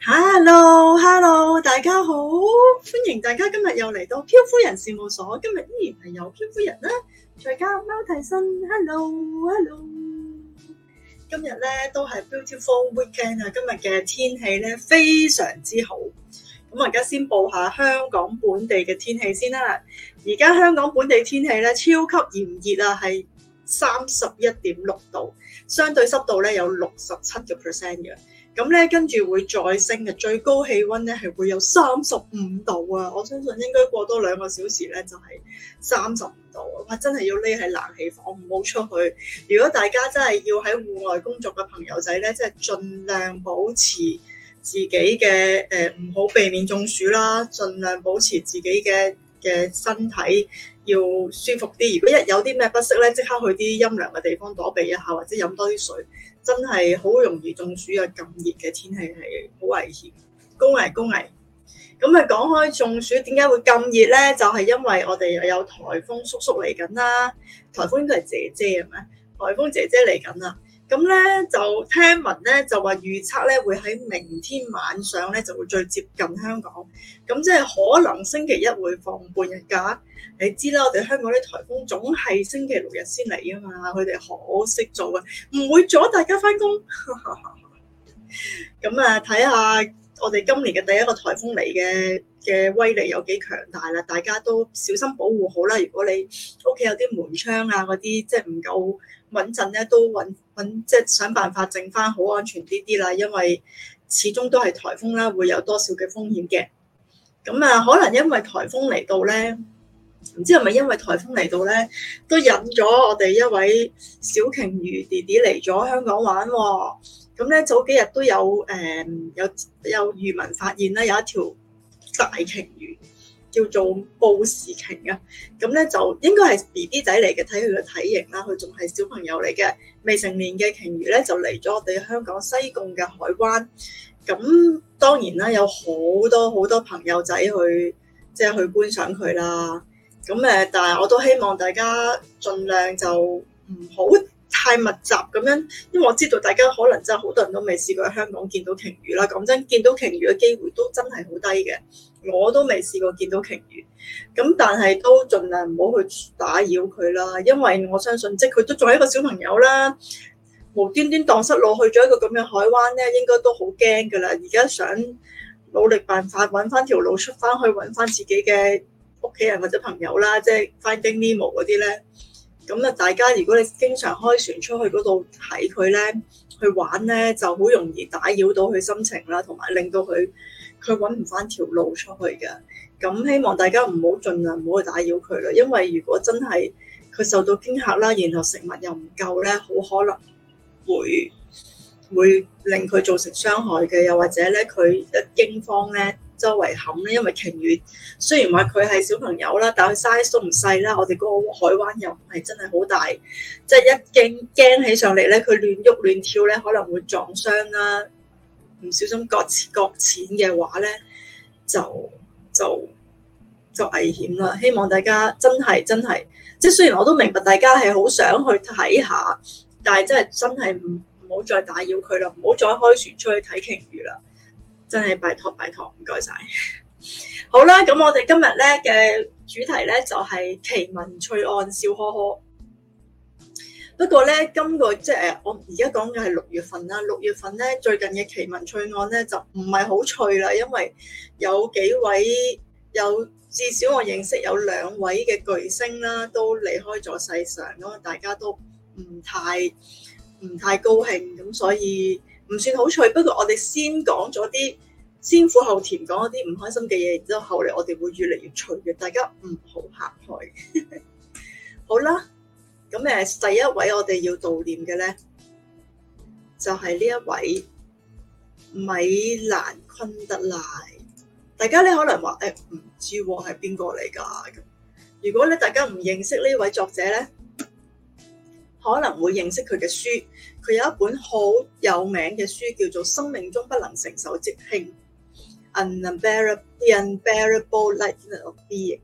Hello，Hello，Hello，大家好，歡迎大家今日又嚟到漂夫人事務所，今日依然係有漂夫人啦，再加貓提身，Hello，Hello，今日咧都係 Beautiful Weekend 啊，今日嘅天，天氣咧非常之好，咁我而家先報下香港本地嘅天氣先啦，而家香港本地天氣咧超級炎熱啊，係三十一點六度，相對濕度咧有六十七個 percent 嘅。咁咧跟住會再升嘅，最高氣温咧係會有三十五度啊！我相信應該過多兩個小時咧就係三十五度啊！哇，真係要匿喺冷氣房，唔好出去。如果大家真係要喺戶外工作嘅朋友仔咧，即係盡量保持自己嘅誒唔好避免中暑啦，儘量保持自己嘅嘅身體要舒服啲。如果一有啲咩不適咧，即刻去啲陰涼嘅地方躲避一下，或者飲多啲水。真係好容易中暑啊！咁熱嘅天氣係好危險，高危高危。咁啊講開中暑，點解會咁熱咧？就係、是、因為我哋又有颱風叔叔嚟緊啦。颱風應該係姐姐係咪？颱風姐姐嚟緊啦。咁咧、嗯、就聽聞咧就話預測咧會喺明天晚上咧就會最接近香港，咁、嗯、即係可能星期一會放半日假。你知啦，我哋香港啲颱風總係星期六日先嚟啊嘛，佢哋好識做嘅，唔會阻大家翻工。咁啊，睇、嗯、下我哋今年嘅第一個颱風嚟嘅嘅威力有幾強大啦！大家都小心保護好啦。如果你屋企有啲門窗啊嗰啲即係唔夠穩陣咧，都穩。即係想辦法整翻好安全啲啲啦，因為始終都係颱風啦，會有多少嘅風險嘅。咁、嗯、啊，可能因為颱風嚟到咧，唔知係咪因為颱風嚟到咧，都引咗我哋一位小鯨魚弟弟嚟咗香港玩喎。咁咧早幾日都有誒、呃，有有漁民發現咧有一條大鯨魚。叫做布氏鯨啊，咁咧就應該係 BB 仔嚟嘅，睇佢嘅體型啦，佢仲係小朋友嚟嘅，未成年嘅鯨魚咧就嚟咗我哋香港西貢嘅海灣，咁當然啦，有好多好多朋友仔去即係、就是、去觀賞佢啦，咁誒，但係我都希望大家盡量就唔好。太密集咁樣，因為我知道大家可能真係好多人都未試過喺香港見到鯨魚啦。講真，見到鯨魚嘅機會都真係好低嘅，我都未試過見到鯨魚。咁但係都盡量唔好去打擾佢啦，因為我相信即係佢都仲係一個小朋友啦，無端端盪失路去咗一個咁樣嘅海灣咧，應該都好驚㗎啦。而家想努力辦法揾翻條路出翻去，揾翻自己嘅屋企人或者朋友啦，即係 Finding Nemo 嗰啲咧。咁啊、嗯！大家如果你經常開船出去嗰度睇佢咧，去玩咧，就好容易打擾到佢心情啦，同埋令到佢佢揾唔翻條路出去嘅。咁、嗯、希望大家唔好盡量唔好去打擾佢啦，因為如果真係佢受到驚嚇啦，然後食物又唔夠咧，好可能會會令佢造成傷害嘅，又或者咧佢一驚慌咧。周圍冚咧，因為鯨魚雖然話佢係小朋友啦，但佢 size 都唔細啦。我哋嗰個海灣又唔係真係好大，即係一驚驚起上嚟咧，佢亂喐亂跳咧，可能會撞傷啦，唔小心擱淺擱淺嘅話咧，就就就危險啦。希望大家真係真係，即係雖然我都明白大家係好想去睇下，但係真係真係唔唔好再打擾佢啦，唔好再開船出去睇鯨魚啦。真係拜託拜託，唔該晒。好啦，咁我哋今日咧嘅主題咧就係奇聞趣案笑呵呵。不過咧，今個即係誒，我而家講嘅係六月份啦。六月份咧，最近嘅奇聞趣案咧就唔係好趣啦，因為有幾位有至少我認識有兩位嘅巨星啦，都離開咗世上，咁啊，大家都唔太唔太高興，咁所以。唔算好脆，不過我哋先講咗啲先苦後甜，講咗啲唔開心嘅嘢，然之後後嚟我哋會越嚟越脆嘅，大家唔 好客氣。好啦，咁誒第一位我哋要悼念嘅咧，就係、是、呢一位米蘭昆德拉。大家咧可能話誒唔知喎係邊個嚟㗎？如果咧大家唔認識呢位作者咧，可能會認識佢嘅書。佢有一本好有名嘅書，叫做《生命中不能承受之輕：The Unbearable Lightness of Being》。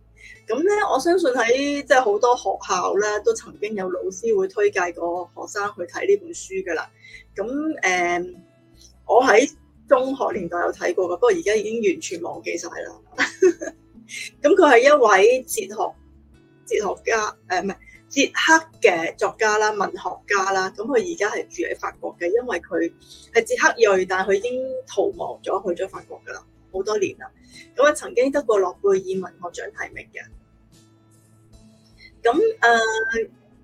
咁、嗯、咧，我相信喺即係好多學校咧，都曾經有老師會推介過學生去睇呢本書噶啦。咁、嗯、誒，我喺中學年代有睇過噶，不過而家已經完全忘記晒啦。咁佢係一位哲學哲學家，誒唔係。捷克嘅作家啦、文學家啦，咁佢而家係住喺法國嘅，因為佢係捷克裔，但佢已經逃亡咗去咗法國㗎啦，好多年啦。咁啊，曾經得過諾貝爾文學獎提名嘅。咁誒、呃，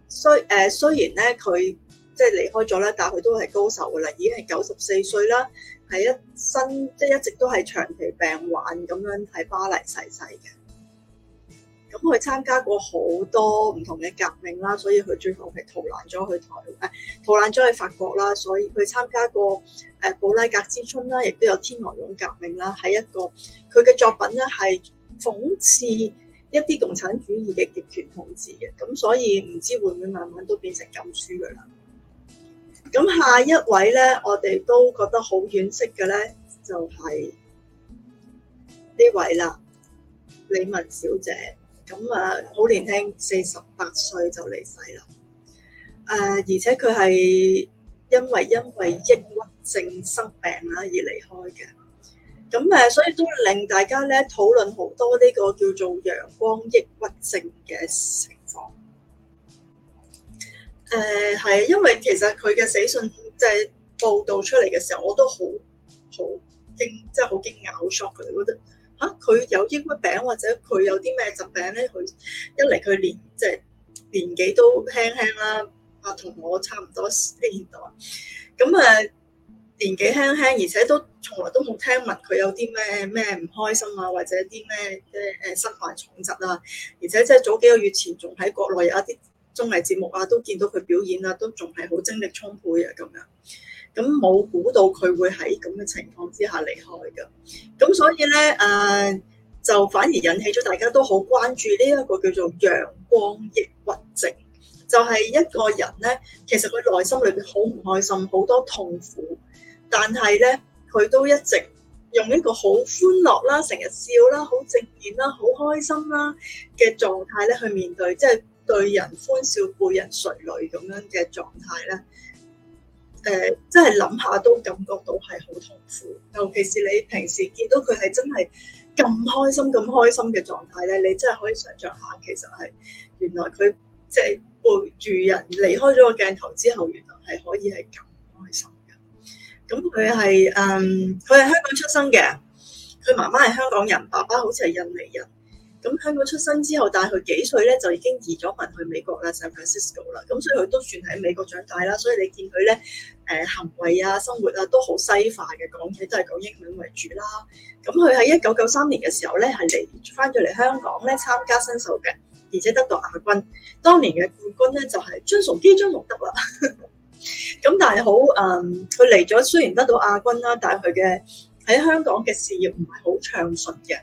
雖誒、呃、雖然咧，佢即係離開咗啦，但係佢都係高手㗎啦，已經係九十四歲啦，係一身即係、就是、一直都係長期病患咁樣喺巴黎逝世嘅。咁佢參加過好多唔同嘅革命啦，所以佢最後係逃難咗去台誒逃難咗去法國啦。所以佢參加過誒布拉格之春啦，亦都有天鵝絨革命啦。係一個佢嘅作品咧，係諷刺一啲共產主義嘅極權統治嘅。咁所以唔知會唔會慢慢都變成禁書噶啦。咁下一位咧，我哋都覺得好惋惜嘅咧，就係呢位啦，李玟小姐。咁啊，好年輕，四十八歲就離世啦。誒、呃，而且佢係因為因為抑鬱症生病啦而離開嘅。咁誒，所以都令大家咧討論好多呢個叫做陽光抑鬱症嘅情況。誒、呃，係啊，因為其實佢嘅死訊即係、就是、報導出嚟嘅時候，我都好好驚，即係好驚訝，好 shock 嘅，覺得。嚇佢、啊、有抑鬱病或者佢有啲咩疾病咧？佢一嚟佢年即係、即係、年紀都輕輕啦、啊，啊同我差唔多年代，咁啊年紀輕輕，而且都從來都冇聽聞佢有啲咩咩唔開心啊，或者啲咩誒誒身患重疾啊，而且即係早幾個月前仲喺國內有一啲綜藝節目啊，都見到佢表演啊，都仲係好精力充沛啊咁樣。咁冇估到佢會喺咁嘅情況之下離開噶，咁所以咧誒、呃、就反而引起咗大家都好關注呢一個叫做陽光抑鬱症，就係、是、一個人咧其實佢內心裏邊好唔開心，好多痛苦，但係咧佢都一直用一個好歡樂啦、成日笑啦、好正面啦、好開心啦嘅狀態咧去面對，即、就、係、是、對人歡笑，背人垂淚咁樣嘅狀態咧。誒，即係諗下都感覺到係好痛苦，尤其是你平時見到佢係真係咁開心、咁開心嘅狀態咧，你真係可以想像下，其實係原來佢即係背住人離開咗個鏡頭之後，原來係可以係咁開心嘅。咁佢係嗯，佢，呃，係香港出生嘅，佢媽媽係香港人，爸爸好似係印尼人。咁香港出生之後，但佢幾歲咧就已經移咗民去美國啦 San Francisco 啦。咁所以佢都算喺美國長大啦。所以你見佢咧，誒、呃、行為啊、生活啊都好西化嘅。講嘢都係講英文為主啦。咁佢喺一九九三年嘅時候咧，係嚟翻咗嚟香港咧參加新秀嘅，而且得到亞軍。當年嘅冠軍咧就係、是、張崇基、張崇德啦。咁 但係好誒，佢嚟咗雖然得到亞軍啦，但佢嘅喺香港嘅事業唔係好暢順嘅。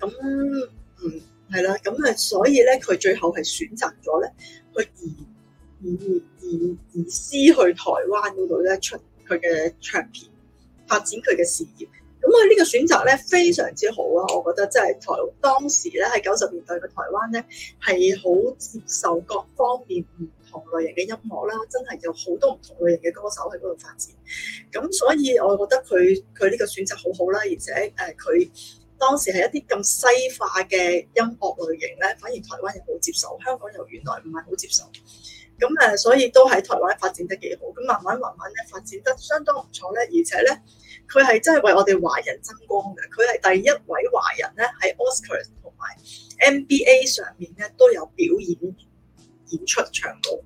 咁 嗯，係啦，咁啊、uh，所以咧，佢最後係選擇咗咧，佢而而而而而移師去台灣嗰度咧，出佢嘅唱片，發展佢嘅事業。咁佢呢個選擇咧，非常之好啊！我覺得真係台，當時咧喺九十年代嘅台灣咧，係好接受各方面唔同類型嘅音樂啦，真係有好多唔同類型嘅歌手喺嗰度發展。咁所以，我覺得佢佢呢個選擇好好啦，而且誒佢。當時係一啲咁西化嘅音樂類型咧，反而台灣人好接受，香港又原來唔係好接受，咁誒，所以都喺台灣發展得幾好，咁慢慢慢慢咧發展得相當唔錯咧，而且咧佢係真係為我哋華人爭光嘅，佢係第一位華人咧喺 Oscar 同埋 NBA 上面咧都有表演。演出長度，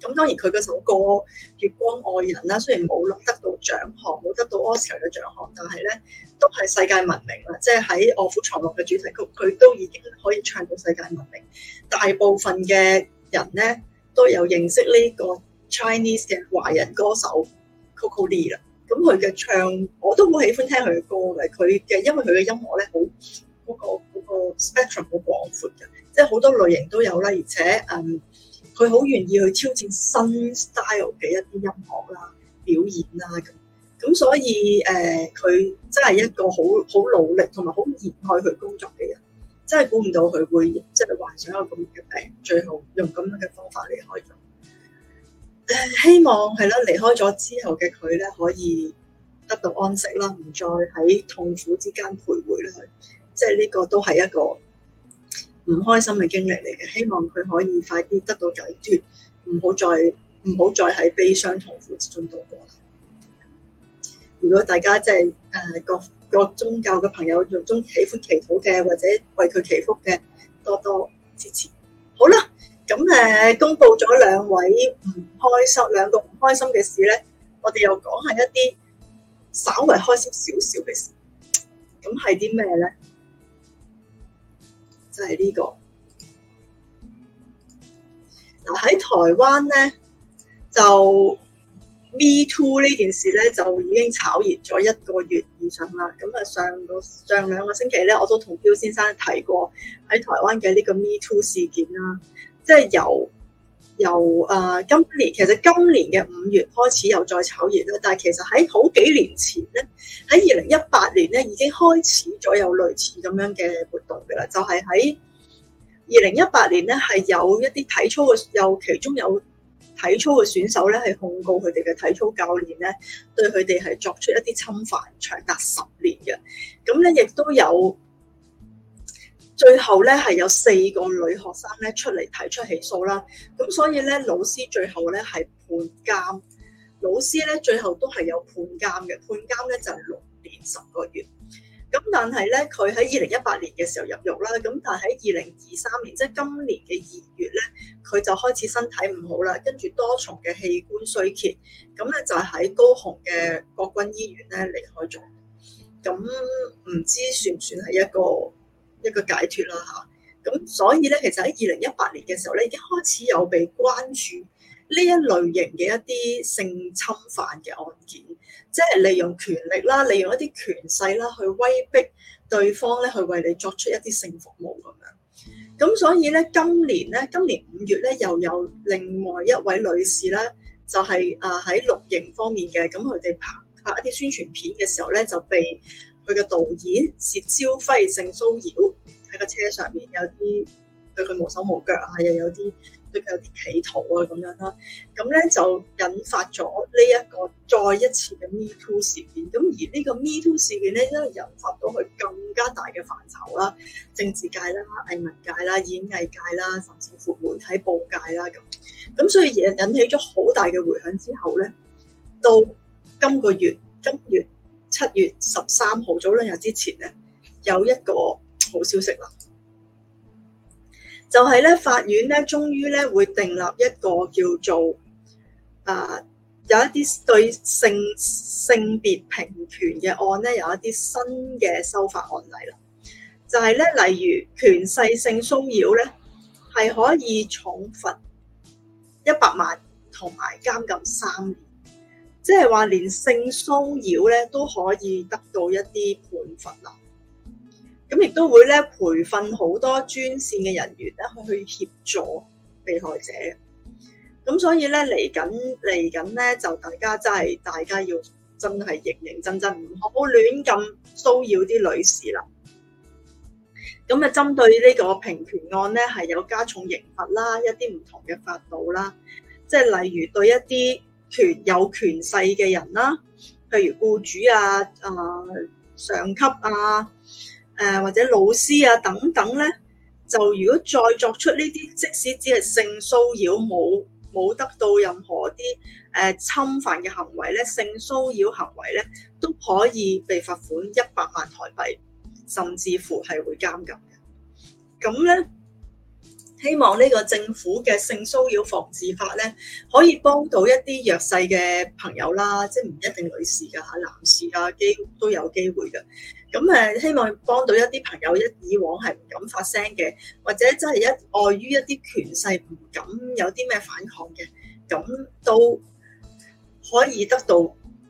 咁當然佢嗰首歌《月光愛人》啦，雖然冇攞得到獎項，冇得到 Oscar 嘅獎項，但係咧都係世界聞名啦。即係喺《卧虎藏龍》嘅主題曲，佢都已經可以唱到世界聞名。大部分嘅人咧都有認識呢個 Chinese 嘅華人歌手 Coco Lee 啦。咁佢嘅唱我都好喜歡聽佢嘅歌嘅，佢嘅因為佢嘅音樂咧好嗰個嗰個 spectrum 好廣闊嘅，即係好多類型都有啦，而且誒。嗯佢好願意去挑戰新 style 嘅一啲音樂啦、啊、表演啦、啊、咁，咁所以誒，佢、呃、真係一個好好努力同埋好熱愛佢工作嘅人，真係估唔到佢會即係患上一個咁嘅病，最後用咁樣嘅方法離開咗。誒、呃，希望係啦，離開咗之後嘅佢咧，可以得到安息啦，唔再喺痛苦之間徘徊啦。即係呢個都係一個唔開心嘅經歷嚟嘅，希望佢可以快啲得到解脱，唔好再唔好再喺悲傷痛苦之中度過啦。如果大家即係誒各各宗教嘅朋友，中喜歡祈禱嘅或者為佢祈福嘅，多多支持。好啦，咁誒公布咗兩位唔開心，兩個唔開心嘅事咧，我哋又講下一啲稍微開心少少嘅事，咁係啲咩咧？係呢、這個嗱喺、啊、台灣咧就 Me Too 呢件事咧就已經炒熱咗一個月以上啦，咁、嗯、啊上個上兩個星期咧我都同標先生提過喺台灣嘅呢個 Me Too 事件啦、啊，即係由。由誒今年，其實今年嘅五月開始又再炒熱啦，但係其實喺好幾年前咧，喺二零一八年咧已經開始咗有類似咁樣嘅活動嘅啦，就係喺二零一八年咧係有一啲體操嘅有其中有體操嘅選手咧係控告佢哋嘅體操教練咧對佢哋係作出一啲侵犯，長達十年嘅，咁咧亦都有。最後咧係有四個女學生咧出嚟提出起訴啦，咁所以咧老師最後咧係判監，老師咧最後都係有判監嘅判監咧就六年十個月。咁但係咧佢喺二零一八年嘅時候入獄啦，咁但係喺二零二三年即係今年嘅二月咧，佢就開始身體唔好啦，跟住多重嘅器官衰竭，咁咧就喺高雄嘅國軍醫院咧離開咗。咁唔知算唔算係一個？一個解脫啦嚇，咁所以咧，其實喺二零一八年嘅時候咧，已經開始有被關注呢一類型嘅一啲性侵犯嘅案件，即係利用權力啦，利用一啲權勢啦，去威逼對方咧，去為你作出一啲性服務咁樣。咁所以咧，今年咧，今年五月咧，又有另外一位女士咧，就係啊喺錄影方面嘅，咁佢哋拍拍一啲宣傳片嘅時候咧，就被。佢嘅導演涉招揮性騷擾，喺個車上面，有啲對佢毛手毛腳啊，又有啲對佢有啲企圖啊咁樣啦。咁咧就引發咗呢一個再一次嘅 Me Too 事件。咁而呢個 Me Too 事件咧，都引發到佢更加大嘅範疇啦，政治界啦、藝文界啦、演藝界啦，甚至乎媒體報界啦咁。咁所以引引起咗好大嘅迴響之後咧，到今個月今月。七月十三號早兩日之前咧，有一個好消息啦，就係、是、咧法院咧，終於咧會訂立一個叫做啊、呃，有一啲對性性別平權嘅案咧，有一啲新嘅修法案例啦，就係、是、咧例如權勢性騷擾咧，係可以重罰一百萬同埋監禁三年。即係話連性騷擾咧都可以得到一啲判罰啦，咁亦都會咧培訓好多專線嘅人員咧去協助被害者。咁所以咧嚟緊嚟緊咧就大家真係大家要真係認認真真，唔好亂咁騷擾啲女士啦。咁啊，針對呢個平權案咧係有加重刑罰啦，一啲唔同嘅法度啦，即係例如對一啲。權有權勢嘅人啦，譬如僱主啊、啊、呃、上級啊、誒、呃、或者老師啊等等咧，就如果再作出呢啲，即使只係性騷擾，冇冇得到任何啲誒、呃、侵犯嘅行為咧，性騷擾行為咧，都可以被罰款一百萬台幣，甚至乎係會監禁嘅。咁咧。希望呢個政府嘅性騷擾防治法咧，可以幫到一啲弱勢嘅朋友啦，即係唔一定女士㗎嚇，男士啊，機都有機會嘅。咁誒，希望幫到一啲朋友，一以往係唔敢發聲嘅，或者真係一礙於一啲權勢唔敢有啲咩反抗嘅，咁都可以得到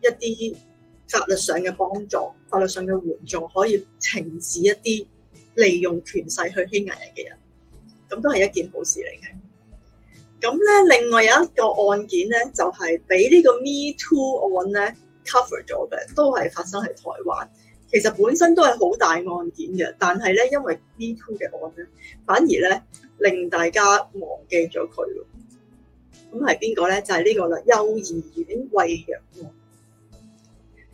一啲法律上嘅幫助，法律上嘅援助，可以停止一啲利用權勢去欺壓人嘅人。咁都係一件好事嚟嘅。咁咧，另外有一個案件咧，就係俾呢個 Me Too 案咧 cover 咗嘅，都係發生喺台灣。其實本身都係好大案件嘅，但係咧，因為 Me Too 嘅案咧，反而咧令大家忘記咗佢。咁係邊個咧？就係、是、呢個啦，幼兒園餵藥案。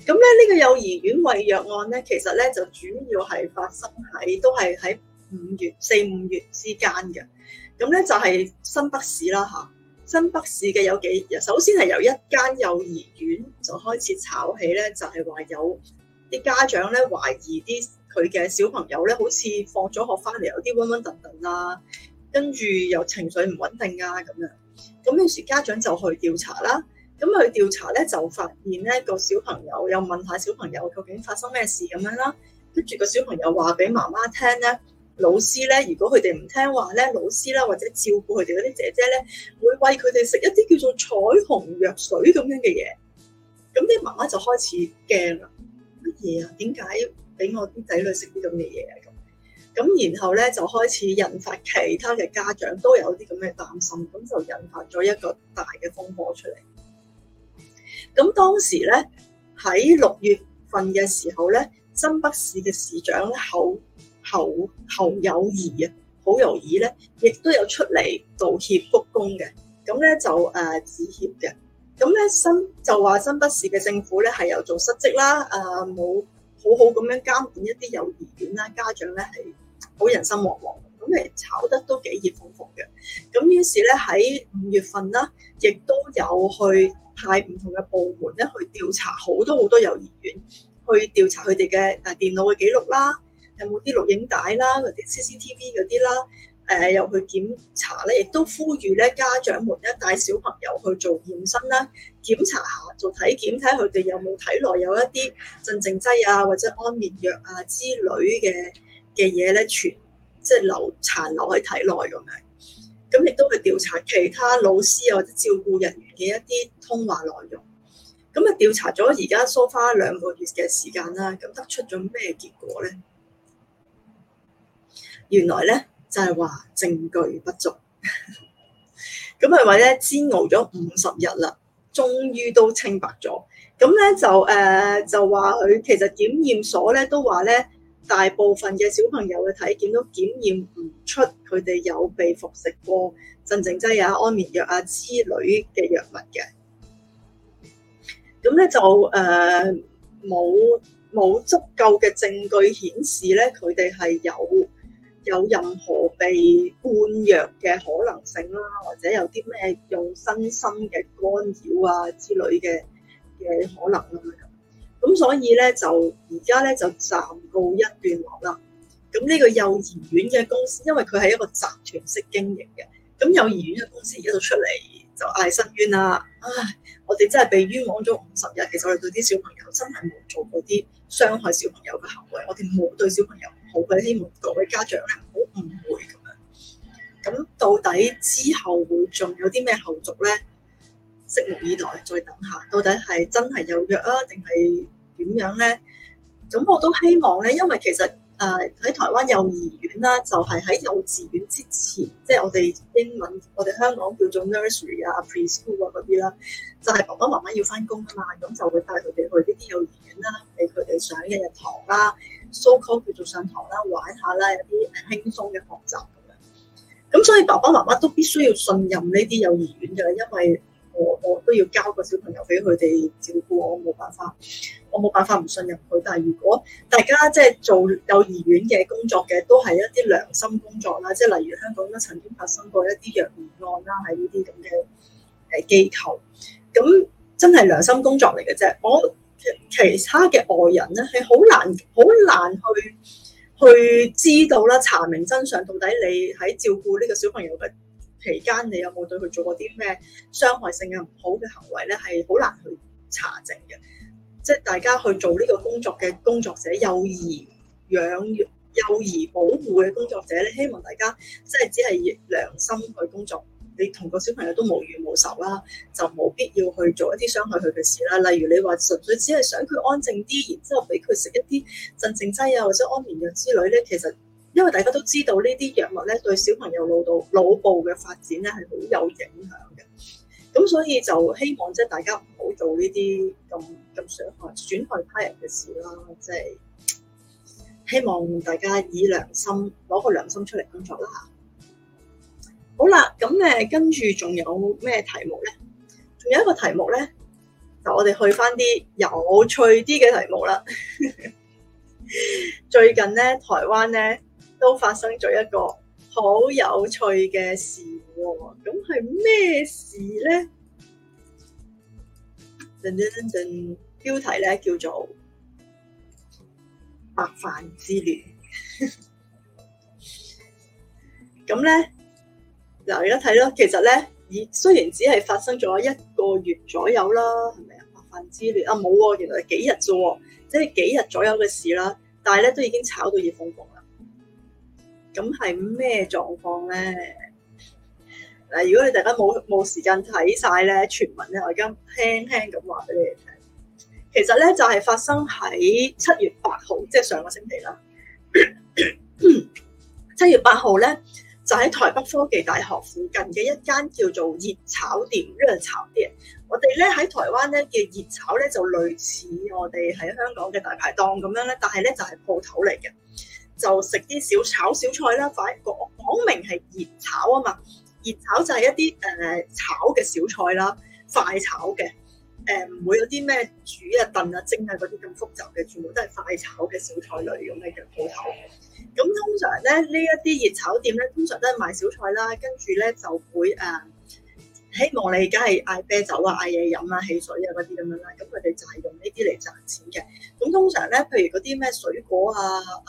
咁咧，呢、這個幼兒園餵藥案咧，其實咧就主要係發生喺都係喺。五月四五月之間嘅，咁咧就係新北市啦吓，新北市嘅有幾日，首先係由一間幼兒園就開始炒起咧，就係話有啲家長咧懷疑啲佢嘅小朋友咧，好似放咗學翻嚟有啲暈暈頓頓啦，跟住又情緒唔穩定啊咁樣。咁有時家長就去調查啦，咁去調查咧就發現咧個小朋友，又問下小朋友究竟發生咩事咁樣啦，跟住個小朋友話俾媽媽聽咧。老師咧，如果佢哋唔聽話咧，老師啦或者照顧佢哋嗰啲姐姐咧，會餵佢哋食一啲叫做彩虹藥水咁樣嘅嘢。咁啲媽媽就開始驚啦，乜嘢啊？點解俾我啲仔女食啲咁嘅嘢啊？咁咁然後咧就開始引發其他嘅家長都有啲咁嘅擔心，咁就引發咗一個大嘅風波出嚟。咁當時咧喺六月份嘅時候咧，新北市嘅市長咧口。侯，侯友宜啊，侯友宜咧，亦都有出嚟道歉鞠躬嘅，咁咧就誒致歉嘅，咁、呃、咧新就話新北市嘅政府咧係有做失職啦，誒、呃、冇好好咁樣監管一啲幼兒園啦，家長咧係好人心惶惶，咁嚟炒得都幾熱火火嘅，咁於是咧喺五月份啦，亦都有去派唔同嘅部門咧去調查好多好多幼兒園，去調查佢哋嘅誒電腦嘅記錄啦。有冇啲錄影帶啦，或者 CCTV 嗰啲啦？誒、呃，又去檢查咧，亦都呼籲咧家長們咧帶小朋友去做驗身啦，檢查下做體檢，睇佢哋有冇體內有一啲鎮靜劑啊，或者安眠藥啊之類嘅嘅嘢咧，全即係留殘留喺體內咁樣。咁亦都去調查其他老師或者照顧人員嘅一啲通話內容。咁啊，調查咗而家 so far 兩個月嘅時間啦，咁得出咗咩結果咧？原來咧就係、是、話證據不足，咁係話咧煎熬咗五十日啦，終於都清白咗。咁咧就誒、呃、就話佢其實檢驗所咧都話咧，大部分嘅小朋友嘅體檢都檢驗唔出佢哋有被服食過鎮靜劑啊、安眠藥啊之類嘅藥物嘅。咁咧就誒冇冇足夠嘅證據顯示咧佢哋係有。有任何被灌藥嘅可能性啦，或者有啲咩用身心嘅干擾啊之類嘅嘅可能啦。咁所以咧就而家咧就暫告一段落啦。咁呢個幼兒園嘅公司，因為佢係一個集團式經營嘅，咁幼兒園嘅公司而家到出嚟就嗌申冤啦。唉，我哋真係被冤枉咗五十日，其實我哋對啲小朋友真係冇做過啲傷害小朋友嘅行為，我哋冇對小朋友。好嘅，希望各位家長咧，唔好誤會咁樣。咁到底之後會仲有啲咩後續咧？拭目以待，再等下。到底係真係有約啊，定係點樣咧？咁我都希望咧，因為其實誒喺、呃、台灣幼兒園啦，就係、是、喺幼稚園之前，即、就、係、是、我哋英文，我哋香港叫做 nursery 啊 pre、preschool 啊嗰啲啦，就係、是、爸爸媽媽要翻工啊嘛，咁就會帶佢哋去呢啲幼兒園啦，俾佢哋上一日堂啦。So call 叫做上堂啦，玩下啦，有啲誒輕鬆嘅學習咁樣。咁所以爸爸媽媽都必須要信任呢啲幼兒園嘅，因為我我都要交個小朋友俾佢哋照顧，我冇辦法，我冇辦法唔信任佢。但係如果大家即係做幼兒園嘅工作嘅，都係一啲良心工作啦。即係例如香港都曾經發生過一啲虐兒案啦，喺呢啲咁嘅誒機構，咁真係良心工作嚟嘅啫。我。其他嘅外人咧，係好難好難去去知道啦，查明真相。到底你喺照顧呢個小朋友嘅期間，你有冇對佢做過啲咩傷害性嘅唔好嘅行為咧？係好難去查證嘅。即係大家去做呢個工作嘅工作者，幼兒養育、幼兒保護嘅工作者咧，希望大家即係只係以良心去工作。你同個小朋友都無怨無仇啦、啊，就冇必要去做一啲傷害佢嘅事啦。例如你話純粹只係想佢安靜啲，然之後俾佢食一啲鎮靜劑啊或者安眠藥之類咧，其實因為大家都知道藥呢啲藥物咧對小朋友腦到腦部嘅發展咧係好有影響嘅。咁所以就希望即係大家唔好做呢啲咁咁傷害損害他人嘅事啦。即、就、係、是、希望大家以良心攞個良心出嚟工作啦。好啦，咁誒跟住仲有咩題目咧？仲有一個題目咧，就我哋去翻啲有趣啲嘅題目啦。 最近咧，台灣咧都發生咗一個好有趣嘅事喎、哦。咁係咩事咧？標題咧叫做白飯之亂。咁 咧？嗱，而家睇咯，其實咧，以雖然只係發生咗一個月左右啦，係咪啊？百分之零啊冇喎，原來幾日啫喎，即係幾日左右嘅事啦。但係咧，都已經炒到熱風暴啦。咁係咩狀況咧？嗱，如果你大家冇冇時間睇晒咧傳聞咧，我而家輕輕咁話俾你哋聽。其實咧，就係發生喺七月八號，即係上個星期啦。七 月八號咧。就喺台北科技大學附近嘅一間叫做熱炒店，呢度炒啲嘢。我哋咧喺台灣咧嘅熱炒咧就類似我哋喺香港嘅大排檔咁樣咧，但係咧就係鋪頭嚟嘅，就食啲小炒小菜啦，快講講明係熱炒啊嘛，熱炒就係一啲誒炒嘅小菜啦，快炒嘅。誒唔、呃、會有啲咩煮啊燉啊蒸啊嗰啲咁複雜嘅，全部都係快炒嘅小菜類咁嘅樣鋪頭。咁通常咧，呢一啲熱炒店咧，通常都係賣小菜啦，跟住咧就會誒、啊、希望你梗係嗌啤酒啊、嗌嘢飲啊、汽水啊嗰啲咁樣啦。咁佢哋就係用呢啲嚟賺錢嘅。咁通常咧，譬如嗰啲咩水果啊、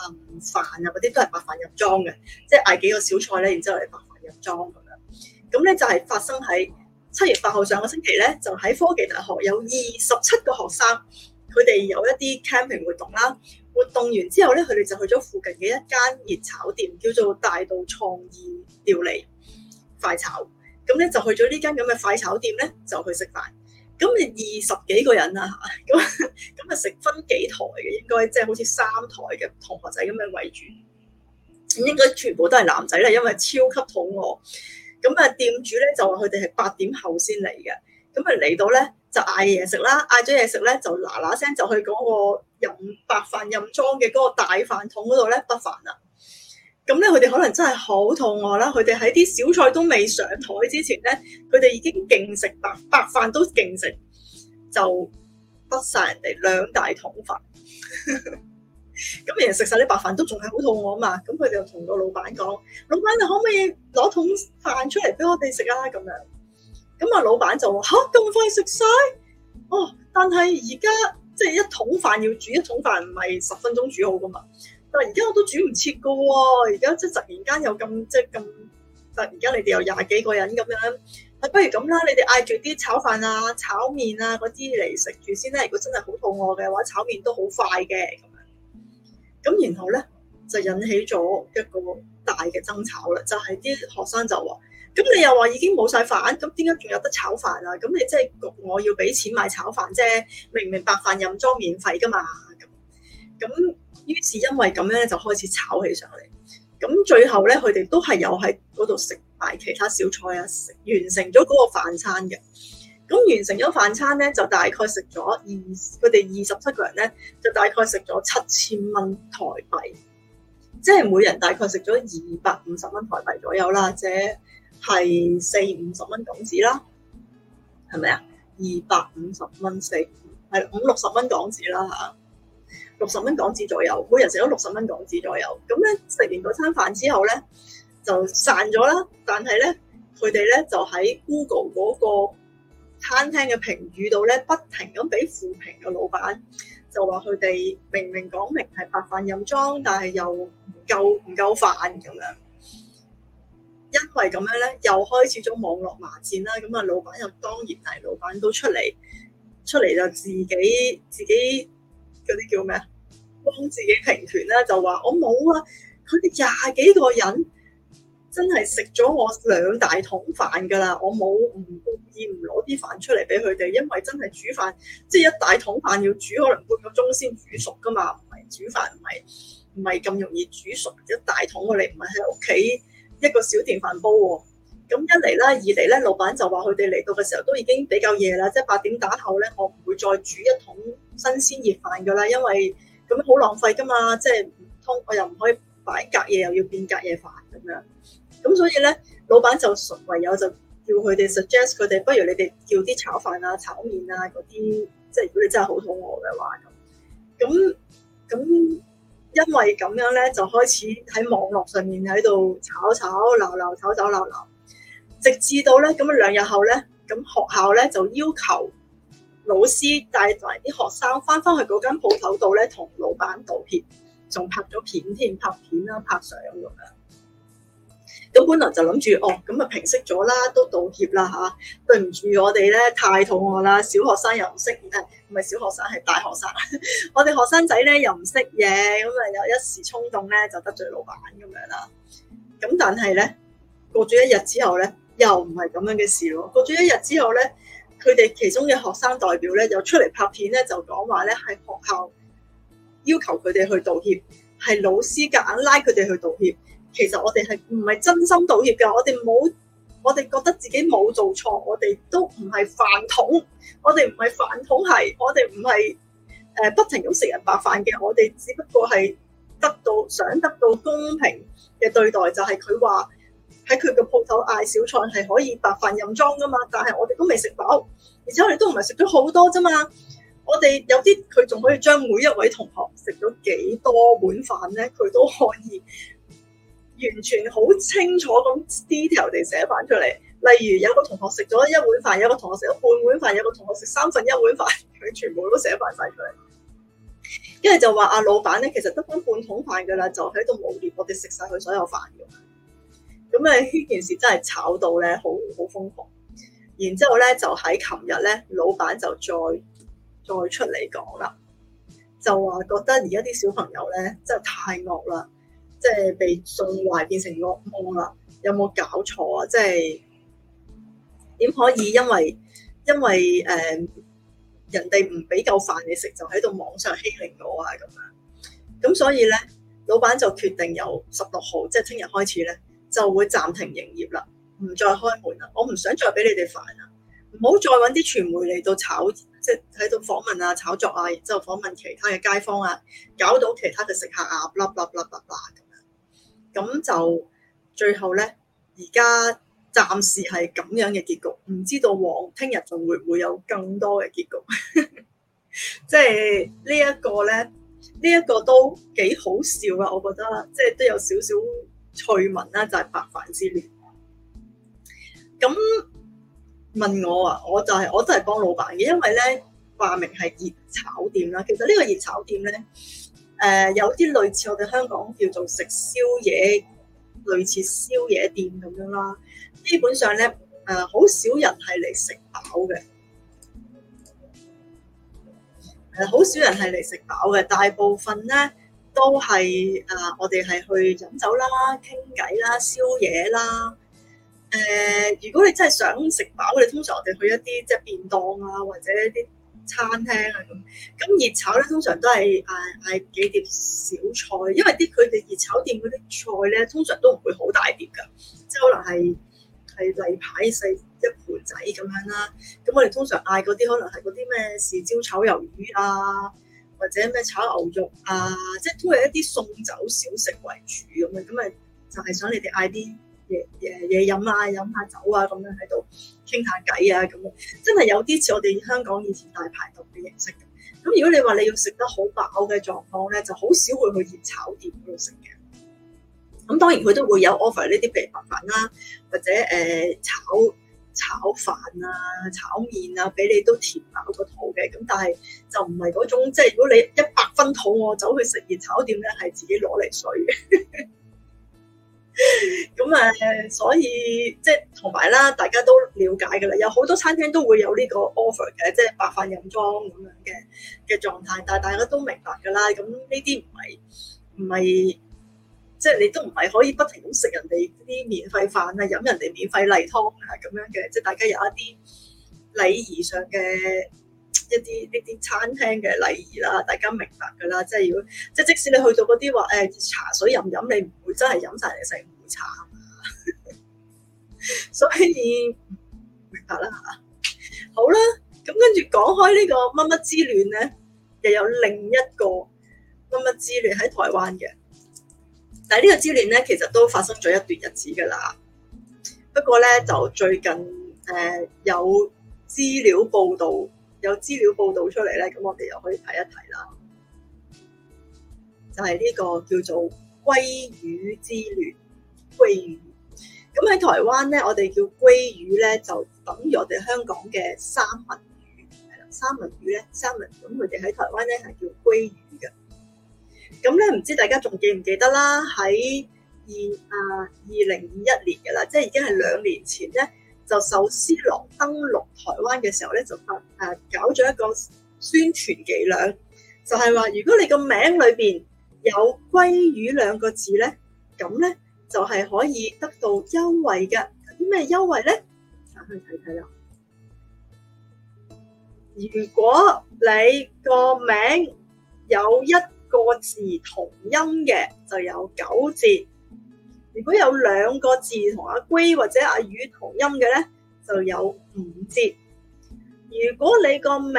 嗯飯啊嗰啲都係白飯入裝嘅，即係嗌幾個小菜咧，然之後嚟白飯入裝咁樣。咁咧就係發生喺。七月八號上個星期咧，就喺科技大學有二十七個學生，佢哋有一啲 camping 活動啦。活動完之後咧，佢哋就去咗附近嘅一間熱炒店，叫做大道創意料理快炒。咁咧就去咗呢間咁嘅快炒店咧，就去食飯。咁二十幾個人啦，咁咁啊食分幾台嘅，應該即係好似三台嘅同學仔咁樣圍住，應該全部都係男仔啦，因為超級肚餓。咁啊，店主咧就話佢哋係八點後先嚟嘅。咁啊，嚟到咧就嗌嘢食啦，嗌咗嘢食咧就嗱嗱聲就去嗰個任白飯任裝嘅嗰個大飯桶嗰度咧，不飯啦。咁咧，佢哋可能真係好肚餓啦。佢哋喺啲小菜都未上台之前咧，佢哋已經勁食白飯，白飯都勁食，就不晒人哋兩大桶飯。 咁其實食晒啲白飯都仲係好肚餓啊嘛，咁佢哋就同個老闆講：老闆你可唔可以攞桶飯出嚟俾我哋食啊？咁樣，咁啊老闆就話吓，咁快食晒？哦！但係而家即係一桶飯要煮一桶飯唔係十分鐘煮好噶嘛，但係而家我都煮唔切噶喎，而家即係突然間又咁即係咁突然間你哋有廿幾個人咁樣，不如咁啦，你哋嗌住啲炒飯啊、炒麵啊嗰啲嚟食住先啦。如果真係好肚餓嘅話，炒麵都好快嘅。咁然後咧就引起咗一個大嘅爭吵啦，就係啲學生就話：咁你又話已經冇晒飯，咁點解仲有得炒飯呀？咁你即係我要俾錢買炒飯啫，明明白飯任裝免費噶嘛。咁於是因為咁咧，就開始炒起上嚟。咁最後咧，佢哋都係有喺嗰度食埋其他小菜啊，食完成咗嗰個飯餐嘅。咁完成咗飯餐咧，就大概食咗二佢哋二十七個人咧，就大概食咗七千蚊台幣，即係每人大概食咗二百五十蚊台幣左右啦，即係四五十蚊港紙啦，係咪啊？二百五十蚊四係五六十蚊港紙啦，嚇六十蚊港紙左右，每人食咗六十蚊港紙左右。咁咧食完嗰餐飯之後咧就散咗啦。但係咧，佢哋咧就喺 Google 嗰個餐廳嘅評語度咧，不停咁俾負評。嘅老闆，就話佢哋明明講明係白飯任裝，但係又唔夠唔夠飯咁樣。因為咁樣咧，又開始咗網絡罵戰啦。咁啊，老闆又當然係老闆都出嚟出嚟就自己自己嗰啲叫咩啊？幫自己平權啦，就話我冇啊！佢哋廿幾個人。真係食咗我兩大桶飯㗎啦！我冇唔故意唔攞啲飯出嚟俾佢哋，因為真係煮飯，即係一大桶飯要煮，可能半個鐘先煮熟㗎嘛。唔係煮飯唔係唔係咁容易煮熟一大桶我，我哋唔係喺屋企一個小電飯煲喎。咁一嚟啦，二嚟咧，老闆就話佢哋嚟到嘅時候都已經比較夜啦，即係八點打後咧，我唔會再煮一桶新鮮熱飯㗎啦，因為咁好浪費㗎嘛。即係唔通我又唔可以擺隔夜又要變隔夜飯咁樣。咁所以咧，老闆就純唯有就叫佢哋 suggest 佢哋，不如你哋叫啲炒飯啊、炒麵啊嗰啲，即係如果你真係好肚餓嘅話咁，咁因為咁樣咧，就開始喺網絡上面喺度炒炒鬧鬧、炒炒鬧鬧，直至到咧咁啊兩日後咧，咁學校咧就要求老師帶埋啲學生翻返去嗰間鋪頭度咧，同老闆道歉，仲拍咗片添，拍片啦，拍相咁樣，樣。咁本來就諗住哦，咁啊平息咗啦，都道歉啦吓、啊，對唔住我哋咧，太肚餓啦，小學生又唔識誒，唔係小學生係大學生， 我哋學生仔咧又唔識嘢，咁啊有一時衝動咧，就得罪老闆咁樣啦。咁、啊、但係咧過咗一日之後咧，又唔係咁樣嘅事咯。過咗一日之後咧，佢哋其中嘅學生代表咧又出嚟拍片咧，就講話咧係學校要求佢哋去道歉，係老師夾硬拉佢哋去道歉。其實我哋係唔係真心道歉嘅？我哋冇，我哋覺得自己冇做錯，我哋都唔係飯桶，我哋唔係飯桶係，我哋唔係誒不停噉食人白飯嘅。我哋只不過係得到想得到公平嘅對待，就係佢話喺佢嘅鋪頭嗌小菜係可以白飯任裝㗎嘛。但係我哋都未食飽，而且我哋都唔係食咗好多啫嘛。我哋有啲佢仲可以將每一位同學食咗幾多碗飯咧，佢都可以。完全好清楚咁 detail 地寫翻出嚟，例如有個同學食咗一碗飯，有個同學食咗半碗飯，有個同學食三份一碗飯，佢全部都寫翻曬出嚟。一係就話阿老闆咧，其實得翻半桶飯噶啦，就喺度冇料我哋食晒佢所有飯嘅。咁啊呢件事真係炒到咧，好好瘋狂。然之後咧就喺琴日咧，老闆就再再出嚟講啦，就話覺得而家啲小朋友咧真係太惡啦。即係被送壞變成惡夢啦！有冇搞錯啊？即係點可以因為因為誒、呃、人哋唔俾夠飯你食，就喺度網上欺凌我啊咁樣？咁所以咧，老闆就決定由十六號，即係聽日開始咧，就會暫停營業啦，唔再開門啦。我唔想再俾你哋煩啦，唔好再揾啲傳媒嚟到炒，即係喺度訪問啊、炒作啊，然之後訪問其他嘅街坊啊，搞到其他嘅食客啊，blah, blah, blah, blah, blah 咁就最後咧，而家暫時係咁樣嘅結局，唔知道往聽日就會唔會有更多嘅結局。即 係呢一個咧，呢、這、一個都幾好笑噶，我覺得即係、就是、都有少少趣聞啦，就係、是、白飯之亂。咁問我啊，我就係、是、我都係幫老闆嘅，因為咧話明係熱炒店啦，其實呢個熱炒店咧。誒、呃、有啲類似我哋香港叫做食宵夜，類似宵夜店咁樣啦。基本上咧，誒、呃、好少人係嚟食飽嘅，誒、呃、好少人係嚟食飽嘅。大部分咧都係誒、呃、我哋係去飲酒啦、傾偈啦、宵夜啦。誒、呃、如果你真係想食飽，你通常我哋去一啲即係便當啊，或者一啲餐廳啊，咁咁熱炒咧，通常都係嗌嗌幾碟小菜，因為啲佢哋熱炒店嗰啲菜咧，通常都唔會好大碟㗎，即係可能係係例牌細一盤仔咁樣啦。咁我哋通常嗌嗰啲可能係嗰啲咩豉椒炒魷魚啊，或者咩炒牛肉啊，啊即係都係一啲送酒小食為主咁樣，咁咪就係想你哋嗌啲。嘢嘢飲啊，飲下、啊、酒啊，咁樣喺度傾下偈啊，咁樣真係有啲似我哋香港以前大排檔嘅形式咁。咁如果你話你要食得好飽嘅狀況咧，就好少會去熱炒店嗰度食嘅。咁當然佢都會有 offer 呢啲譬如白飯啦，或者誒、呃、炒炒飯啊、炒麵啊，俾你都填飽個肚嘅。咁但係就唔係嗰種，即係如果你一百分肚，我走去食熱炒店咧，係自己攞嚟水。 咁誒， 所以即係同埋啦，大家都了解噶啦，有好多餐廳都會有呢個 offer 嘅，即係白飯飲裝咁樣嘅嘅狀態，但係大家都明白噶啦，咁呢啲唔係唔係，即係你都唔係可以不停咁食人哋啲免費飯啊，飲人哋免費例湯啊咁樣嘅，即係大家有一啲禮儀上嘅。一啲呢啲餐廳嘅禮儀啦，大家明白噶啦，即係如果即係即使你去到嗰啲話誒，茶水飲飲，你唔會真係飲曬成壺茶啊， 所以明白啦嚇。好啦，咁跟住講開呢個乜乜之戀咧，又有另一個乜乜之戀喺台灣嘅。但係呢個之戀咧，其實都發生咗一段日子噶啦。不過咧，就最近誒、呃、有資料報道。有資料報道出嚟咧，咁我哋又可以睇一睇啦。就係呢個叫做鮭魚之亂，鮭魚。咁喺台灣咧，我哋叫鮭魚咧，就等於我哋香港嘅三文魚。三文魚咧，三文魚咁佢哋喺台灣咧係叫鮭魚嘅。咁咧唔知大家仲記唔記得啦？喺二啊二零二一年嘅啦，即係已經係兩年前咧。就壽司郎登陸台灣嘅時候咧，就發誒、啊、搞咗一個宣傳伎倆，就係、是、話如果你個名裏邊有鮭魚兩個字咧，咁咧就係、是、可以得到優惠嘅。有啲咩優惠咧？等佢睇睇啦。如果你個名有一個字同音嘅，就有九字。如果有兩個字同阿龜或者阿魚同音嘅咧，就有五折。如果你個名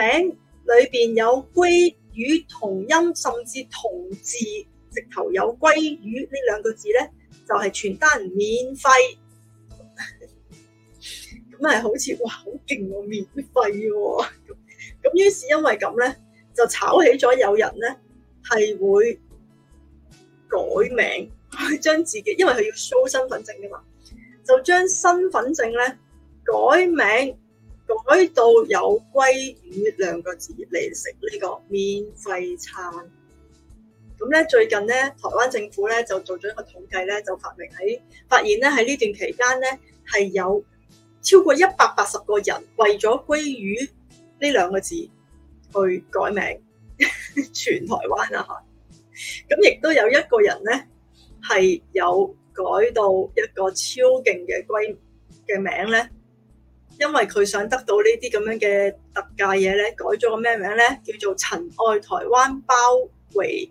裏邊有龜魚同音，甚至同字，直頭有龜魚呢兩個字咧，就係、是、全單免費。咁 係好似哇，好勁喎，免費喎、啊。咁 於是因為咁咧，就炒起咗有人咧係會改名。佢將自己，因為佢要 show 身份證噶嘛，就將身份證咧改名改到有「鮭魚」兩個字嚟食呢個免費餐。咁咧最近咧，台灣政府咧就做咗一個統計咧，就發明喺發現咧喺呢段期間咧係有超過一百八十個人為咗「鮭魚」呢兩個字去改名，全台灣啊！吓，咁亦都有一個人咧。係有改到一個超勁嘅龜嘅名咧，因為佢想得到呢啲咁樣嘅特價嘢咧，改咗個咩名咧？叫做陳愛台灣包圍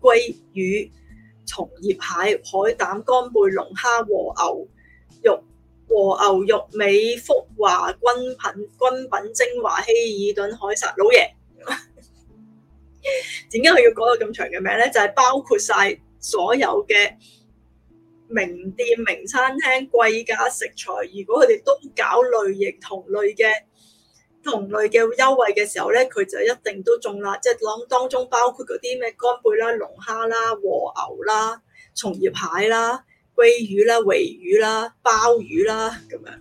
鮭魚松葉蟹海膽乾貝龍蝦和牛肉和牛肉美福華君品君品精華希爾頓海灘老爺，點解佢要改到咁長嘅名咧？就係、是、包括晒。所有嘅名店、名餐廳、貴價食材，如果佢哋都搞類型同類嘅同類嘅優惠嘅時候咧，佢就一定都中啦。即係講當中包括嗰啲咩乾貝啦、龍蝦啦、和牛啦、松葉蟹啦、鮭魚啦、鮭魚啦、鮑魚啦咁樣，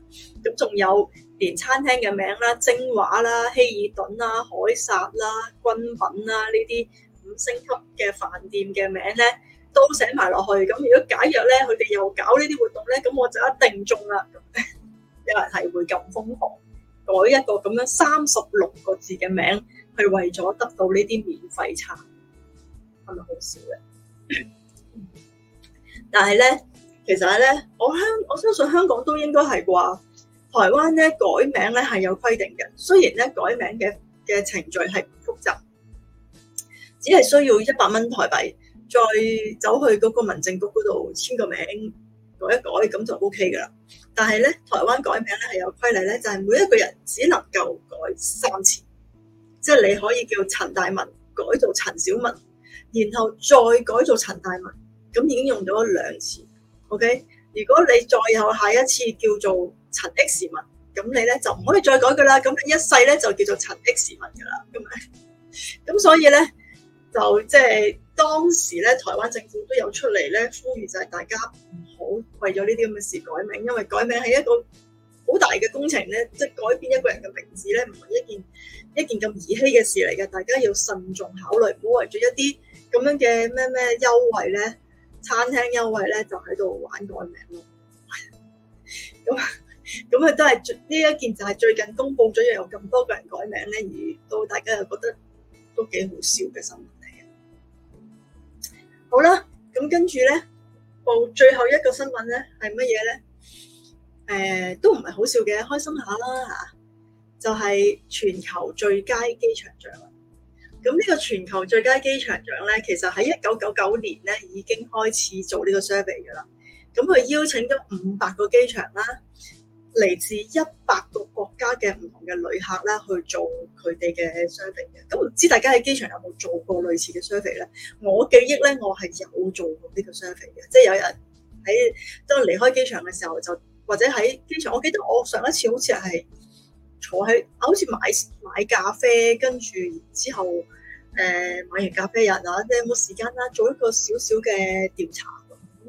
咁仲有連餐廳嘅名啦，精華啦、希爾頓啦、凱撒啦、軍品啦呢啲五星級嘅飯店嘅名咧。都寫埋落去，咁如果假若咧，佢哋又搞呢啲活動咧，咁我就一定中啦。 有人係會咁瘋狂改一個咁樣三十六個字嘅名，係為咗得到呢啲免費餐，係咪好少咧？ 但係咧，其實咧，我香我相信香港都應該係啩。台灣咧改名咧係有規定嘅，雖然咧改名嘅嘅程序係唔複雜，只係需要一百蚊台幣。再走去嗰個民政局嗰度簽個名改一改咁就 O K 噶啦。但係咧，台灣改名咧係有規例咧，就係、是、每一個人只能夠改三次，即係你可以叫陳大文改做陳小文，然後再改做陳大文，咁已經用咗兩次。O、okay? K，如果你再有下一次叫做陳 X 文，咁你咧就唔可以再改噶啦。咁你一世咧就叫做陳 X 文噶啦。咁咪，咁所以咧就即、就、係、是。當時咧，台灣政府都有出嚟咧，呼籲就係大家唔好為咗呢啲咁嘅事改名，因為改名係一個好大嘅工程咧，即係改變一個人嘅名字咧，唔係一件一件咁兒戲嘅事嚟嘅。大家要慎重考慮，唔好為咗一啲咁樣嘅咩咩優惠咧，餐廳優惠咧，就喺度玩改名咯。咁咁佢都係呢一件就係最近公佈咗又有咁多個人改名咧，而到大家又覺得都幾好笑嘅新聞。好啦，咁跟住咧，報最後一個新聞咧係乜嘢咧？誒、呃，都唔係好笑嘅，開心下啦嚇，就係、是、全球最佳機場獎。咁呢個全球最佳機場獎咧，其實喺一九九九年咧已經開始做呢個 survey 㗎啦。咁佢邀請咗五百個機場啦。嚟自一百個國家嘅唔同嘅旅客咧，去做佢哋嘅 service 嘅。咁唔知大家喺機場有冇做過類似嘅 service 咧？我記憶咧，我係有做過呢個 service 嘅，即係有人喺當離開機場嘅時候，就或者喺機場。我記得我上一次好似係坐喺，好似買買咖啡，跟住之後誒、呃、買完咖啡日，啊，即係有冇時間啦，做一個少少嘅調查。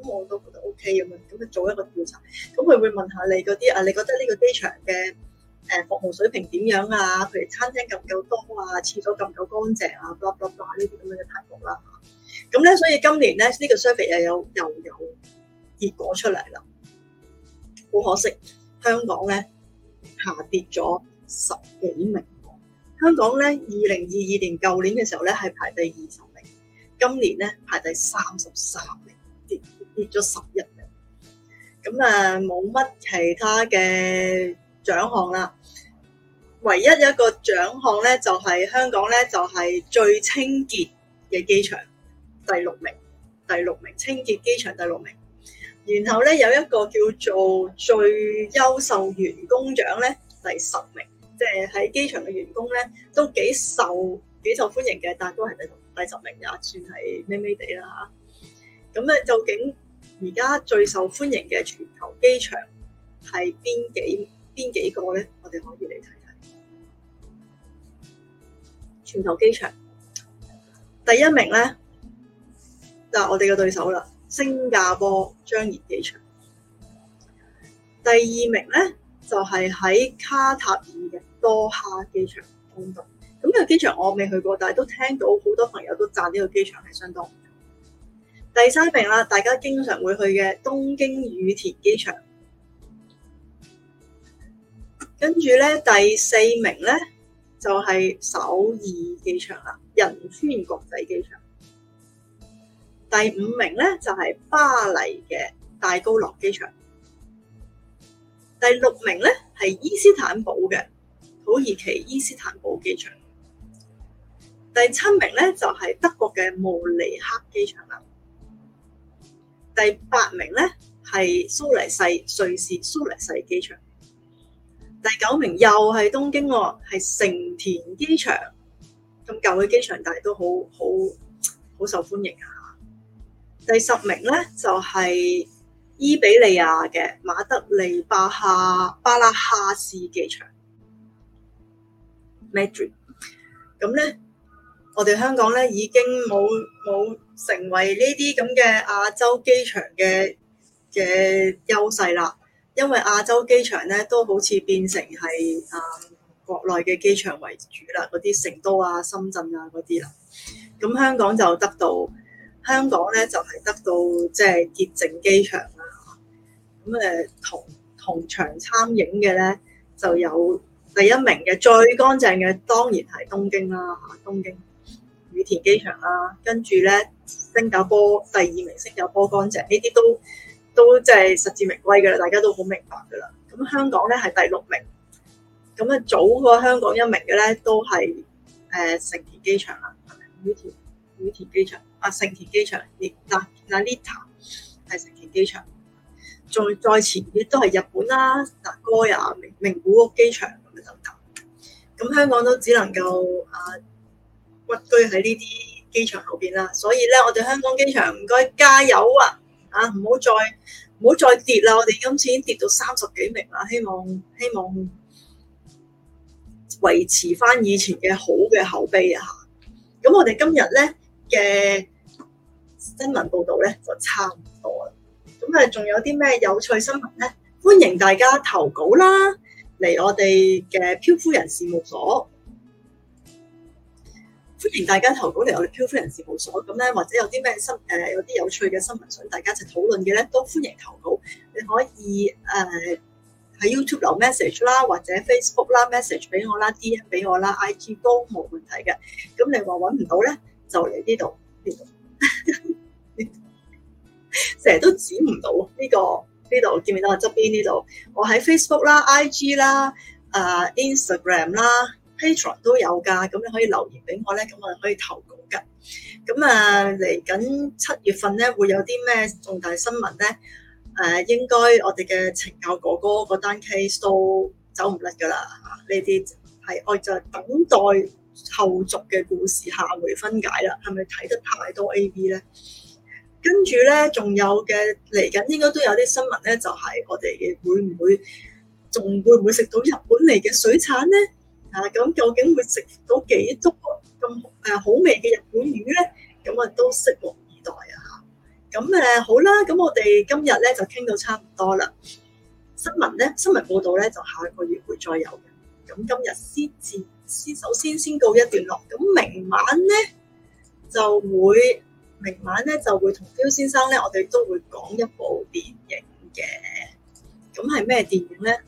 咁我都覺得 OK 咁、嗯、樣，咁佢做一個調查，咁、嗯、佢會問下你嗰啲啊，你覺得呢個機場嘅誒服務水平點樣啊？譬如餐廳夠唔夠多啊？廁所夠唔夠乾淨啊？噉樣呢啲咁樣嘅題目啦。咁、嗯、咧、嗯，所以今年咧呢、這個 survey 又有又有，有結果出嚟啦。好可惜，香港咧下跌咗十幾名。香港咧二零二二年舊年嘅時候咧係排第二十名，今年咧排第三十三名跌。跌咗十一名，咁啊冇乜其他嘅獎項啦。唯一一個獎項咧就係、是、香港咧就係、是、最清潔嘅機場第六名，第六名清潔機場第六名。然後咧有一個叫做最優秀員工獎咧第十名，即係喺機場嘅員工咧都幾受幾受歡迎嘅，但係都係第十名也算係咩咩地啦吓。咁咧，究竟而家最受歡迎嘅全球機場係邊幾邊幾個咧？我哋可以嚟睇睇全球機場第一名咧，就係我哋嘅對手啦，新加坡樟宜機場。第二名咧，就係喺卡塔爾嘅多哈機場。咁啊，呢個機場我未去過，但係都聽到好多朋友都讚呢個機場係相當。第三名啦，大家經常會去嘅東京羽田機場，跟住咧第四名咧就係、是、首爾機場啦，仁川國際機場。第五名咧就係、是、巴黎嘅戴高樂機場。第六名咧係伊斯坦堡嘅土耳其伊斯坦堡機場。第七名咧就係、是、德國嘅慕尼黑機場啦。第八名咧係蘇黎世瑞士蘇黎世機場，第九名又係東京，係成田機場咁舊嘅機場，但係都好好好受歡迎吓。第十名咧就係、是、伊比利亞嘅馬德里巴哈巴拉哈斯機場 Madrid 咁咧。Madrid 我哋香港咧已經冇冇成為呢啲咁嘅亞洲機場嘅嘅優勢啦，因為亞洲機場咧都好似變成係啊、嗯、國內嘅機場為主啦，嗰啲成都啊、深圳啊嗰啲啦，咁香港就得到香港咧就係、是、得到即係、就是、潔淨機場啦。咁誒同同場參影嘅咧就有第一名嘅最乾淨嘅當然係東京啦，東京。羽田機場啦，跟住咧新加坡第二名，新加坡乾淨呢啲都都即係實至名歸噶啦，大家都好明白噶啦。咁香港咧係第六名，咁啊早過香港一名嘅咧都係誒成田機場啦，係咪羽田羽田機場啊？成田機場，嗱嗱呢係成田機場，再再前啲都係日本啦，嗱哥呀名古屋機場咁樣等等，咁香港都只能夠啊。屈居喺呢啲機場後邊啦，所以咧，我哋香港機場唔該加油啊！啊，唔好再唔好再跌啦！我哋今次已經跌到三十幾名啦，希望希望維持返以前嘅好嘅口碑啊！咁我哋今日咧嘅新聞報導咧就差唔多啦。咁啊，仲有啲咩有趣新聞咧？歡迎大家投稿啦嚟我哋嘅漂夫人事務所。歡迎大家投稿嚟我哋漂夫人事務所。咁咧，或者有啲咩新，誒有啲有趣嘅新聞想大家一齊討論嘅咧，都歡迎投稿。你可以誒喺、呃、YouTube 留 message 啦，或者 Facebook 啦 message 俾我啦，DM 俾我啦，IG 都冇問題嘅。咁你話揾唔到咧，就嚟呢度，呢度成日都指唔到呢個呢度，見唔到我側邊呢度？我喺 Facebook 啦、IG 啦、啊、呃、Instagram 啦。Patreon 都有㗎，咁你可以留言俾我咧，咁我哋可以投稿噶。咁啊，嚟緊七月份咧，會有啲咩重大新聞咧？誒、啊，應該我哋嘅懲教哥哥嗰單 case 都走唔甩㗎啦。呢啲係我就等待後續嘅故事，下回分解啦。係咪睇得太多 A V 咧？跟住咧，仲有嘅嚟緊應該都有啲新聞咧，就係、是、我哋嘅會唔會仲會唔會食到日本嚟嘅水產咧？咁、啊嗯、究竟會食到幾多咁誒好味嘅日本魚咧？咁、嗯、啊都拭目以待啊！嚇咁誒好啦，咁、嗯、我哋今日咧就傾到差唔多啦。新聞咧，新聞報道咧就下一個月會再有，嘅、嗯。咁今日先至先首先先告一段落。咁、嗯、明晚咧就會明晚咧就會同漂先生咧，我哋都會講一部電影嘅。咁係咩電影咧？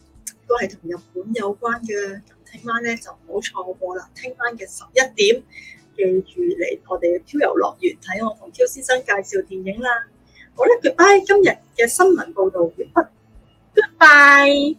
都係同日本有關嘅。聽晚咧就唔好錯過啦！聽晚嘅十一點，記住嚟我哋嘅 Q 遊樂園睇我同 Q 先生介紹電影啦！好啦，goodbye，今日嘅新聞報道完畢，goodbye。